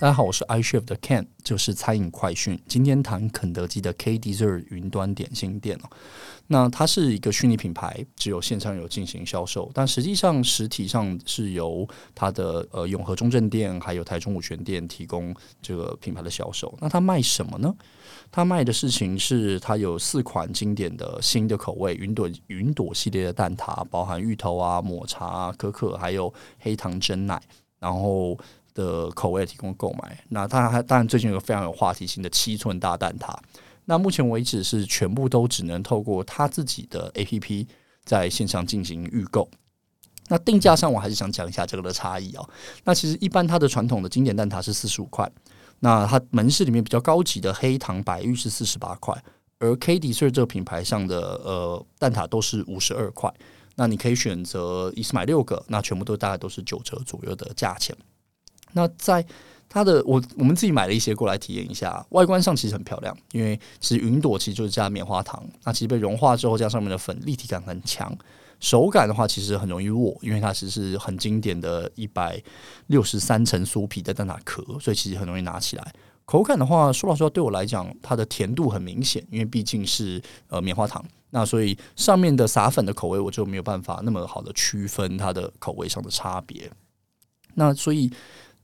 大家好，我是 iCHEF 的 Ken，就是餐飲快訊。今天談肯德基的 K-dessert 雲端點心店。那它是一個虛擬品牌，只有線上有進行銷售，但實際上實體上是由它的呃永和中正店還有台中五權店提供這個品牌的銷售。那它賣什麼呢？它賣的事情是它有四款經典的新的口味雲朵雲朵系列的蛋撻，包含芋頭啊、抹茶啊、可可還有黑糖珍奶，然後。的口味提供購買，那當它當然最近有個非常有話題性的七寸大蛋撻，那目前為止是全部都只能透過他自己的 APP 在線上進行預購。那定價上，我還是想講一下這個的差異哦。那其實一般它的傳統的經典蛋撻是四十五塊，那它門市裡面比較高級的黑糖白玉是四十八塊，而 K-dessert 這個品牌上的呃蛋撻都是五十二塊。那你可以選擇一次買六個，那全部都大概都是九折左右的價錢。那在它的我我們自己買了一些過來體驗一下，外觀上其實很漂亮，因為是雲朵，其實就是加棉花糖，那其實被融化之後，加上上面的粉，立體感很強。手感的話，其實很容易握，因為它其實是很經典的一百六十三層酥皮的蛋撻殼，所以其實很容易拿起來。口感的話，說老實話，對我來講，它的甜度很明顯，因為畢竟是呃棉花糖，那所以上面的撒粉的口味，我就沒有辦法那麼好的區分它的口味上的差別。那所以。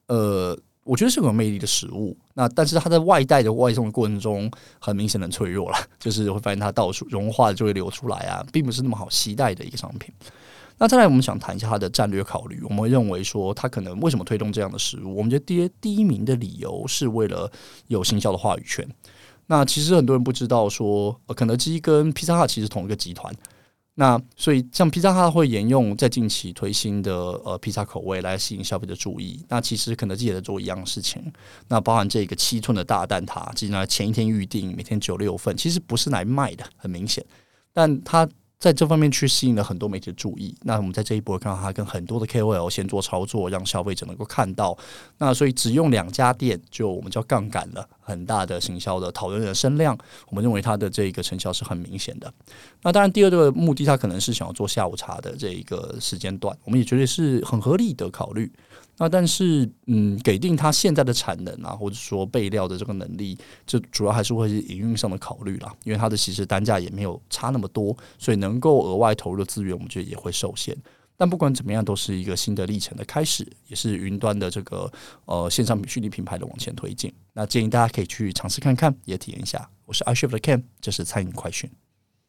呃，我覺得是很有魅力的食物。那但是它在外帶的外送的過程中，很明顯的脆弱了，就是會發現它到處融化，就會流出來啊，並不是那麼好攜帶的一個商品。那再來，我們想談一下它的戰略考慮。我們會認為說，它可能為什麼推動這樣的食物？我們覺得第第一名的理由是為了有行銷的話語權。那其實很多人不知道說，肯德基跟披薩哈其實同一個集團。那所以像披薩，他會沿用在近期推新的呃披薩口味來吸引消費者注意。那其實肯德基也在做一樣的事情。那包含這個七寸的大蛋撻，只能前一天預定每天九六份，其實不是來賣的，很明顯。但他在這方面去吸引了很多媒體的注意。那我們在這一波看到他跟很多的 KOL 先做操作，讓消費者能夠看到。那所以只用兩家店就我們叫槓桿了。很大的行銷的討論的聲量，我們認為它的這個成效是很明顯的。那當然，第二個目的，它可能是想要做下午茶的這一個時間段，我們也覺得是很合理的考慮。那但是，嗯，給定它現在的產能啊，或者說備料的這個能力，這主要還是會是營運上的考慮啦。因為它的其實單價也沒有差那麼多，所以能夠額外投入的資源，我們覺得也會受限。但不管怎麼樣，都是一個新的歷程的開始，也是雲端的這個呃線上虛擬品牌的往前推進。那建議大家可以去嘗試看看，也體驗一下。我是 iCHEF 的 Cam，這是餐飲快訊。